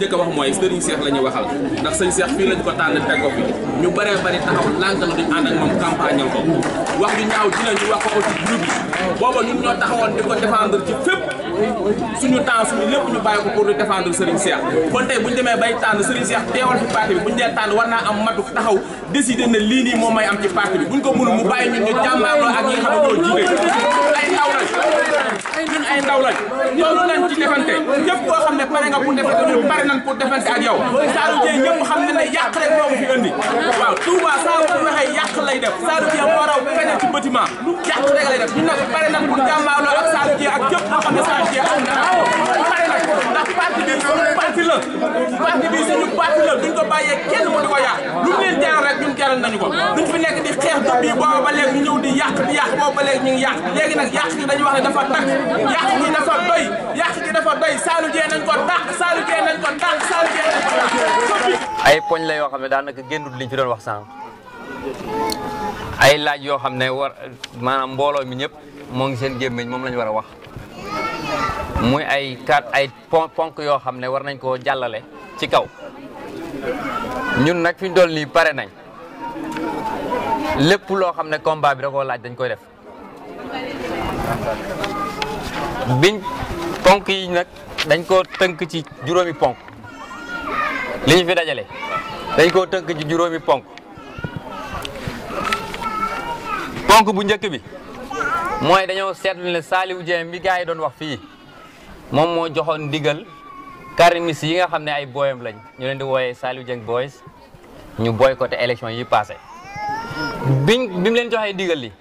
jëkk a wax mooy sëriñ Cheikh la ñuy waxal ndax sëñ Cheikh fii lañ ko tànn teg ko fi ñu bëree bëri taxaw lànk na duñ ànd ak moom campagne ko wax ju ñaaw dina ñu wax ko ci groupe yi booba ñun ñoo taxawoon di ko défendre ci fépp suñu temps suñu lépp ñu bàyyi ko pour di défendre sëriñ Cheikh kon tey bu ñu demee bay tànn sëriñ Cheikh teewal fi parti bi bu ñu dee tànn war naa am matu taxaw décider na lii nii moom may am ci parti bi buñ ko mënu mu bàyyi ñun ay ndaw lañ loolu lañ ci defante képp koo xam ne pare nga pour defante ñun pare nañ pour defante ak yow Saliou Dieng ñëpp xam ne yàq rek moo fi indi waaw Touba saa bu waxee yàq lay def Saliou Dieng moo raw feneen ci bâtiment yàq rek lay def ñun nag pare nañ pour jàmmaarloo ak Saliou Dieng ak képp koo xam ne Saliou Dieng am na parti la parti bi suñu parti la duñ ko bàyyee kenn mu di ko yàq lu ñu leen teral rek ñun teral nañu ko duñ fi nekk di xeex du bii booba ba léegi ñu ñëw di yàq di yàq booba ba léegi ñu ngi yàq léegi nag yàq gi dañu wax ne dafa tàkk yàq gi dafa doy yàq gi dafa doy saalu jee nañ ko dàq saalu jee nañ ko dàq saalu jee nañ ko dàq ay poñ la yoo xam ne daanaka génnul liñ fi doon wax sànq ay laaj yoo xam ne war maanaam mbooloo mi ñëpp moo ngi seen gémmiñ moom lañ war a wax muy ay kat ay ponk yoo xam ne war nañ koo jàllale ci kaw ñun nag fi ñu doon nii pare nañ lépp loo xam ne combat bi da koo laaj dañ koy def biñ ponk yi nag dañ koo tënk ci juróomi ponk li fi dajale dañ koo tënk ci juróomi ponk ponk bu njëkk bi mooy dañoo seetlu ne Saliou Dieng bi gars yi doon wax fii moom moo joxoon ndigal karimis yi nga xam ne ay booyam lañ ñu leen di wooyee Saliou Dieng booy ñu boycotté élection yi passe biñ bi leen joxee ndigal li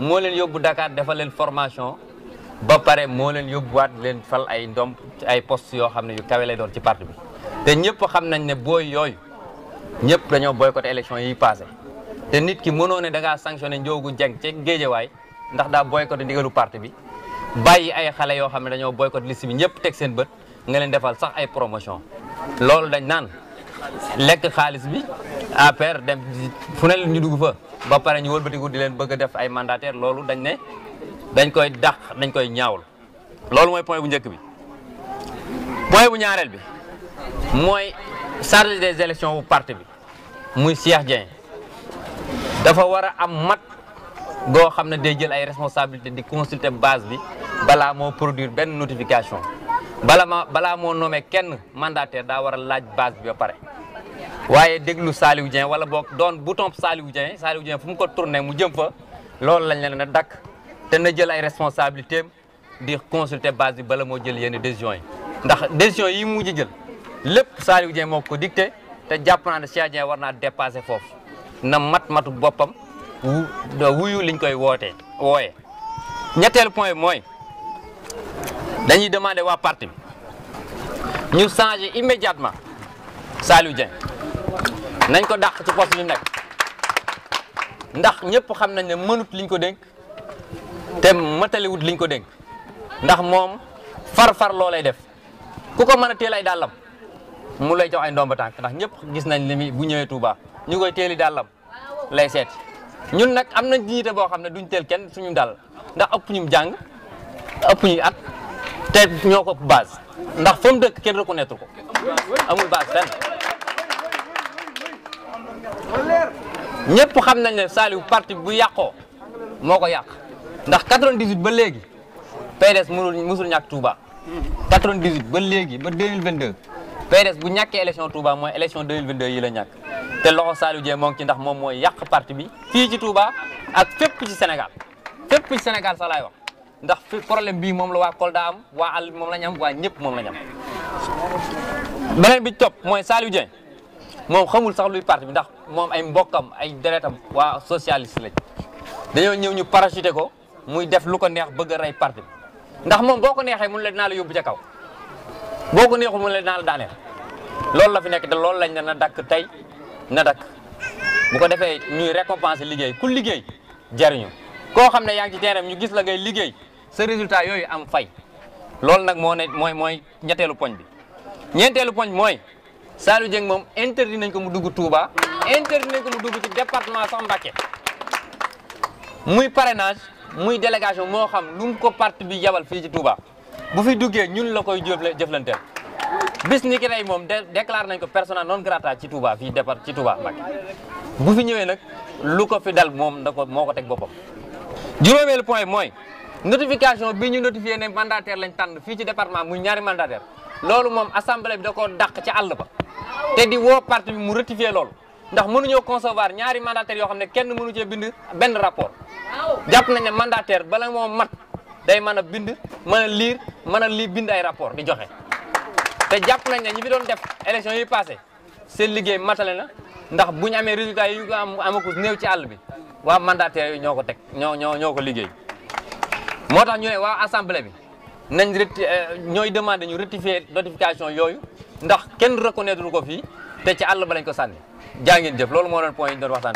moo leen yóbbu Dakar defal leen formation ba pare moo leen yóbbuwaat leen fal ay ndomb ay poste yoo xam ne yu kawe lay doon ci parti bi te ñëpp xam nañ ne booy yooyu ñëpp booy boycotté élection yi passé te nit ki mënoo ne da ngaa sanctionné Ndiogou Dieng ca Géejawaay ndax daa boycotté ndigalu parti bi bàyyi ay xale yoo xam ne dañoo boycotté liste bi ñëpp teg seen bët nga leen defal sax ay promotion loolu dañ naan lekk xaalis bi APR dem fu ne ñu dugg fa ba pare ñu wëlbatiku di leen bëgg a def ay mandataire loolu dañ ne dañ koy dàq dañ koy ñaawul loolu mooy point bu njëkk bi point ñaareel bi mooy chargé des élections bu parti bi muy Cheikh Dieng dafa war a mat goo xam ne day jël ay responsabilité di consulter base bi balaa moo produire benn notification bala ma balaa moo nommé kenn mandataire daa war a laaj base bi ba pare waaye déglu Saliou Dieng wala boog doon bouton Saliou Dieng Saliou Dieng fu mu ko tourné mu jëm fa loolu lañ leen a dakk te na jël ay responsabilité di consulter base bi bala moo jël yenn décision yi ndax décision yi mu mujj jël lépp Saliou Dieng moo ko dicté te jàpp naa ne Cheikh Dieng war naa dépassé foofu na mat matu boppam wuyu liñ koy wootee wooye ñetteelu point mooy dañuy demander waa parti bi ñu changer immédiatement Saliou Dieng nañ ko dàq ci poste bi nag ndax ñëpp xam nañ ne mënut liñ ko dénk te mataliwut liñ ko dénk ndax moom far-far loo lay def ku ko mën a teel ay dàllam mu lay jox ay ndomba tànk ndax ñëpp gis nañ ne mi bu ñëwee Touba ñu koy teeli dàllam lay seet. ñun nag am nañ dignité boo xam ne duñ tel kenn suñu dal ndax ëpp ñu jàng ëpp ñu at te ño ko ëpp base ndax fa dëkk kenn reconnaître ko amul base fenn. ñëpp xam nañ ne wu parti bu yàqoo moo ko yàq ndax 98 ba léegi PDS mënul mësul ñàkk Touba 98 ba léegi ba 2022 PDS bu ñàkkee élection Touba mooy élection 2022 yi la ñàkk. te loxo Saliou Dieng moo ngi ci ndax moom mooy yàq parti bi fii ci Touba ak fépp ci Sénégal fépp ci Sénégal sax laay wax ndax fi problème bii moom la waa Kolda am waa àll bi moom la ñu am waa ñëpp moom la ñu am bi topp mooy Saliou Dieng moom xamul sax luy parti bi ndax moom ay mbokkam ay deretam waa socialiste lañ dañoo ñëw ñu parachuté ko muy def lu ko neex bëgg a rey parti ndax moom boo ko neexee mun la dinaa la yóbbu ca kaw boo ko neexu mun la dinaa la daaneel loolu la fi nekk loolu lañ ne na dakk tey na dak bu ko defee ñuy récompenser liggéey ku liggéey jariñu koo xam ne yaa ngi ñu gis la ngay liggéey sa résultat yooyu am fay loolu nag moo ne mooy mooy ñetteelu poñ bi ñeenteelu poñ mooy Saliou Dieng moom interdit nañ ko mu dugg Touba interdit nañ ko mu dugg ci département sax Mbacké muy parenage muy délégation moo xam lu mu ko parti bi yabal fii ci Touba bu fi duggee ñun la koy jëflanteel bis ni ki tey moom déclaré nañ ko persona non grata ci Touba fii départ ci Touba Mbacké bu fi ñëwee nag lu ko fi dal moom da ko moo ko teg boppam. juróomeelu point mooy notification bi ñu notifié ne mandataire lañ tànn fii ci département muy ñaari mandataire loolu moom assemblée bi da koo dàq ci àll ba te di woo parti bi mu ratifié loolu ndax mënuñoo consevoir ñaari mandataires yoo xam ne kenn mënu cee bind benn rapport jàpp nañ ne mandataire bala moo mat day mën a bind mën a lire mën a lii bind ay rapport di joxe. te jàpp nañ ne ñi fi doon def élection yi passé seen liggéey matale na ndax bu ñu amee résultat yi ñu ko am amakus néew ci àll bi waa mandataire ñoo ko teg ñoo ñoo ñoo ko liggéey moo tax ñu ne waa assemblée bi nañ reti euh, ñooy demandé ñu rectifier notification yooyu ndax kenn reconnaître ko fii te ci àll ba lañ ko sànni jaa jëf loolu moo doon point yi ñu doon waxtaan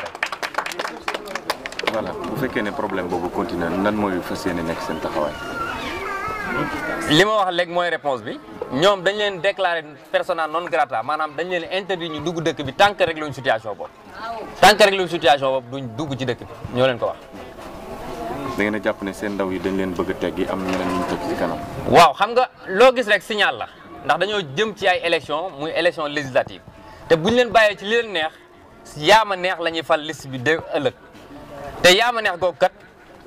bu fekkee ne problème boobu continué nan mooy fas yéene nekk seen taxawaay. li ma wax léegi mooy réponse bi ñoom dañ leen déclaré persona non grata maanaam dañ leen interdit ñu dugg dëkk bi tant que réglé situation boobu. tant que réglé wuñ situation boobu duñ dugg ci dëkk bi ñoo leen ko wax. da ngeen a jàpp ne seen ndaw yi dañ leen bëgg a teggi am ñeneen ñu teg ci kanam. waaw xam nga loo gis rek signal la ndax dañoo jëm ci ay élection muy élection législative te buñ leen bàyyee ci leen neex yaama neex la ñuy fal liste bi de ëllëg te yaama neex googu kat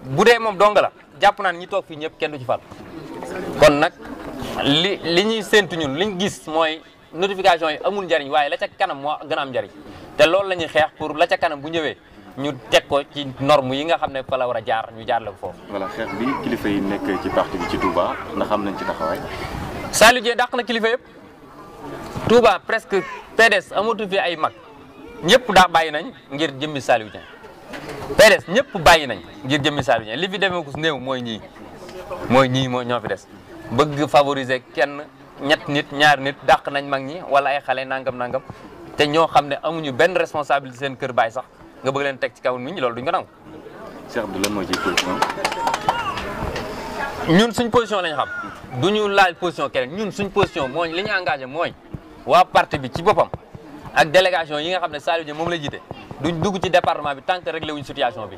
bu dee moom dong la jàpp naa ne ñi toog fii ñëpp kenn du ci fal kon li li ñuy séntu ñun liñ gis mooy notification yi amul njariñ waaye la ca kanam moo gën njariñ te loolu la ñuy xeex pour la ca kanam bu ñëwee ñu teg ko ci norme yi nga xam ne fa la war a jaar ñu jaar la ko foofu. voilà xeex bi kilifa yi nekk ci parti bi ci Touba ndax am nañ ci taxawaay. Saliou Dieng dàq na kilifa yëpp Touba presque pedes amatu fi ay mag ñëpp daa bàyyi nañ ngir jëmmi Saliou Dieng PDS ñëpp bàyyi nañ ngir jëmmi Saliou Dieng li fi demee ko néew mooy ñii mooy ñii mooy des. bëgg favoriser kenn ñett nit ñaar nit dàq nañ mag ñi wala ay xale nangam nangam te ñoo xam ne amuñu benn responsabilité seen kër baay sax nga bëgg leen teg ci kaw nit ñu loolu duñ ko nangu. Cheikh Abdoulaye moo ciy ñun suñ position lañ xam du ñu laaj position keneen ñun suñ position mooy li ñu engagé mooy waa parti bi ci boppam ak délégation yi nga xam ne Saliou Dieng moom la jiite duñ dugg ci département bi tant que réglé wuñ situation bi.